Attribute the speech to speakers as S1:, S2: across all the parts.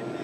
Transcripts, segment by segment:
S1: Amen.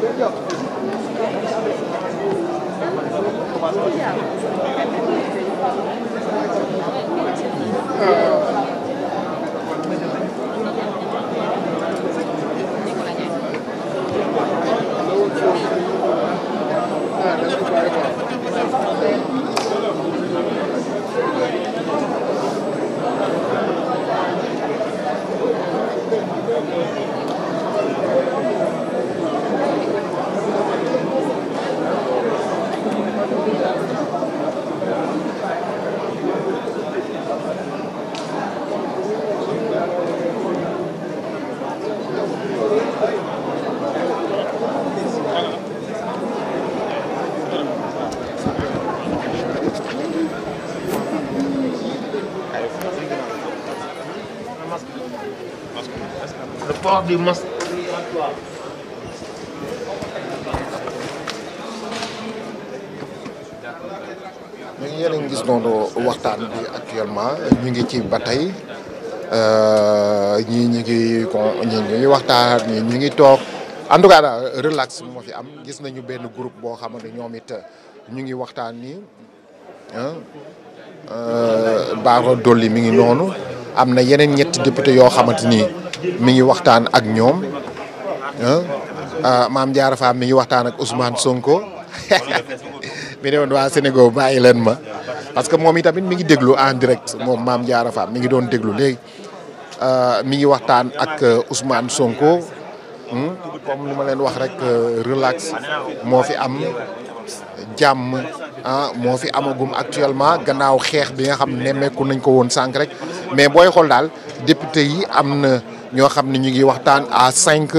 S1: Thank you. fort du mos gis noonu waxtaan bi actuellement ñu ngi ci ba tey euh, ñii ñu ngi kon ñii ngi waxtaan ñu ngi toog en tout cas relax moo fi am gis nañu benn groupe boo xam ne ñoom it euh, ñu ngi waxtaan nii euh, Bara Dolly mi ngi noonu am na yeneen ñetti député yoo xamante ni. mi ngi waxtaan ak ñoom ah, maam Diarra Fam mi ngi waxtaan ak Ousmane Sonko mi ne woon waa Sénégal bàyyi leen ma parce que moom itamit mi ngi déglu en direct moom maam Diarra Fam mi ngi doon déglu léegi ah, mi ngi waxtaan ak euh, Ousmane Sonko hmm? comme li ma leen wax rek euh, relax moo fi am jàmm ah moo fi amagum actuellement gannaaw xeex bi nga xam nemmeeku nañ ko woon sànq rek mais booy xool daal député yi am na. ñoo xam ne ñu ngi waxtaan à cinq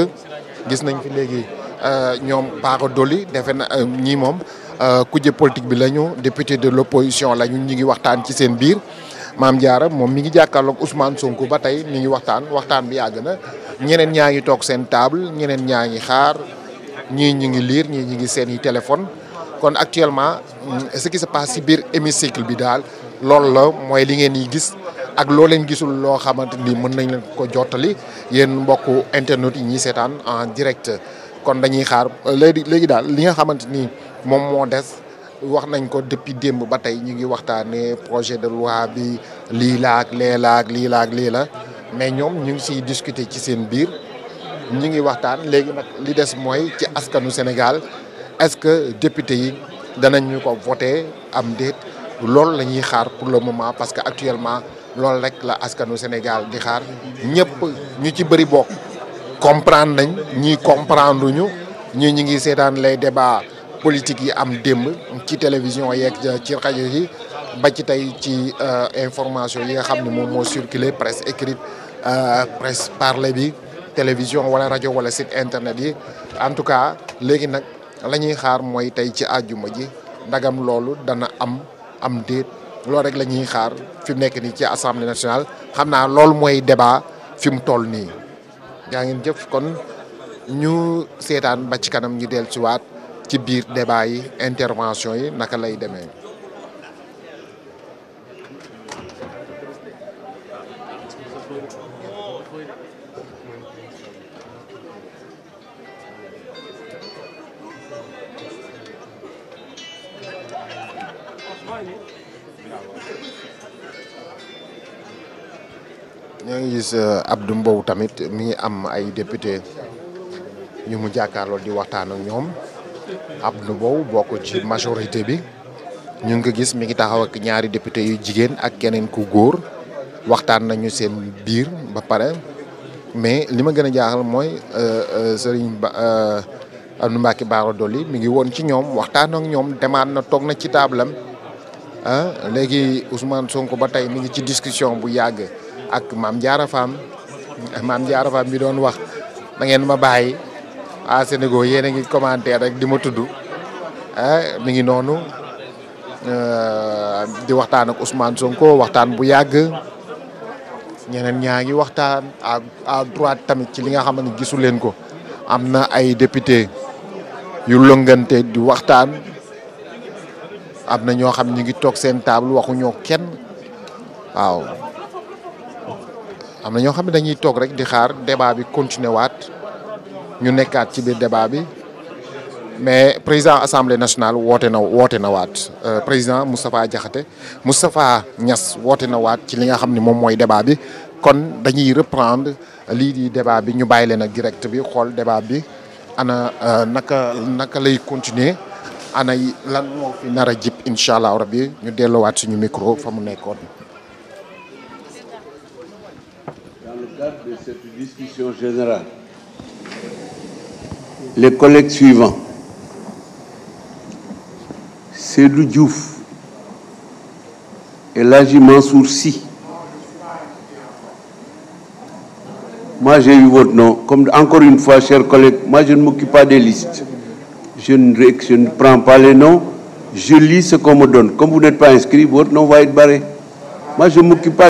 S1: gis nañ fi léegi euh, ñoom Bara Dolly defe na euh, ñii moom euh, kuje politique bi lañu député de l'opposition lañu ñu ngi waxtaan ci seen biir Maam Diarra moom mi ngi jàkkaarloog Ousmane Sonko ba tey mi ngi waxtaan waxtaan bi yàgg na ñeneen ñaa ngi toog seen table ñeneen ñaa ngi xaar ñii ñu ngi liir ñii ñu ngi seen i téléphone kon actuellement mm, ce qui se passe ci biir hémicycle bi daal loolu la mooy li ngeen di gis ak loo leen gisul loo xamante ni mën nañ leen ko jottali yéen mbokku internet yi ñuy seetaan en direct kon dañuy xaar léegi daal li nga xamante ni moom moo des wax nañ ko depuis démb ba tey ñu ngi waxtaanee projet de loi bi lii la ak la ak lii la ak lii la mais ñoom ñu ngi siy discuter ci seen biir ñu ngi waxtaan léegi nag li des mooy ci askanu Sénégal est-ce que député yi danañ ñu ko voté am déet loolu la ñuy xaar pour le moment parce que actuellement. loolu rek la askanu Sénégal di xaar ñëpp ñu ci bëri bokk comprendre nañ ñi comprendre ñu ñi ñu ngi seetaan les débats politiques yi am démb ci télévision yeeg ci rajo yi ba ci tey ci euh, information yi nga xam ne moom moo circulé presse écrite euh, presse parlée bi télévision wala rajo wala site internet yi en tout cas léegi nag la ñuy xaar mooy tey ci àjjuma ji ndagam loolu dana am am déet loolu rek lañuy xaar fi nekk nii ci assemblée nationale xam naa loolu mooy débat fi mu toll nii. yaa ngi jëf kon ñu seetaan ba ci kanam ñu dellusiwaat ci biir débat yi intervention yi naka lay demee. ñoo ngi gis eh, Abdou Mbow tamit mi ngi am ay député ñu mu jàkkaarloo di waxtaan ak ñoom Abdou Mbow bokk ci majorité bi ñu ngi ko gis mi ngi taxaw ak ñaari député yu jigéen ak keneen ku góor waxtaan nañu seen biir ba pare mais li ma gën a jaaxal mooy eh, eh, Serigne Ba Abdou Mbacké Bara Dolly mi ngi woon ci ñoom waxtaan ak ñoom demaat na toog na ci taabalam ah léegi Ousmane Sonko ba tey mi ngi ci discussion bu yàgg ak maam Diarra Fam maam Diarra Fam bi doon wax na ngeen ma bàyyi a Sénégal yéen a ngi commentaire rek di ma tudd mi ngi noonu euh, di waxtaan ak Ousmane Sonko waxtaan bu yàgg ñeneen ñaa ngi waxtaan à droite tamit ci li nga xam ne gisu leen ko am na ay député yu lëngante di waxtaan. am na ñoo xam ñu ngi toog seen table waxu ñoo kenn waaw am na ñoo xam ne dañuy toog rek di xaar débat bi continuer waat ñu nekkaat ci biir débat bi mais président assemblée nationale woote na woote na waat euh, président Moustapha Diakhaté Moustapha ñas woote na waat ci li nga xam ni moom mooy débat bi kon dañuy reprendre lii di débat bi ñu bàyyi leen ak direct bi xool débat bi ana euh, naka naka lay continuer ana yi lan moo fi incha allah rabbi ñu delluwaat suñu micro fa mu nekkoon. Dans le cadre de cette discussion générale, les collègues suivants. Seydou Diouf et Elhadji Mansour Sy. Moi, j'ai eu votre nom. Comme encore une fois, chers collègues, moi, je ne m'occupe pas des listes. je ne, je ne prends pas les noms, je lis ce qu'on me donne. Comme vous n'êtes pas inscrit, votre nom va être barré. Moi, je m'occupe pas.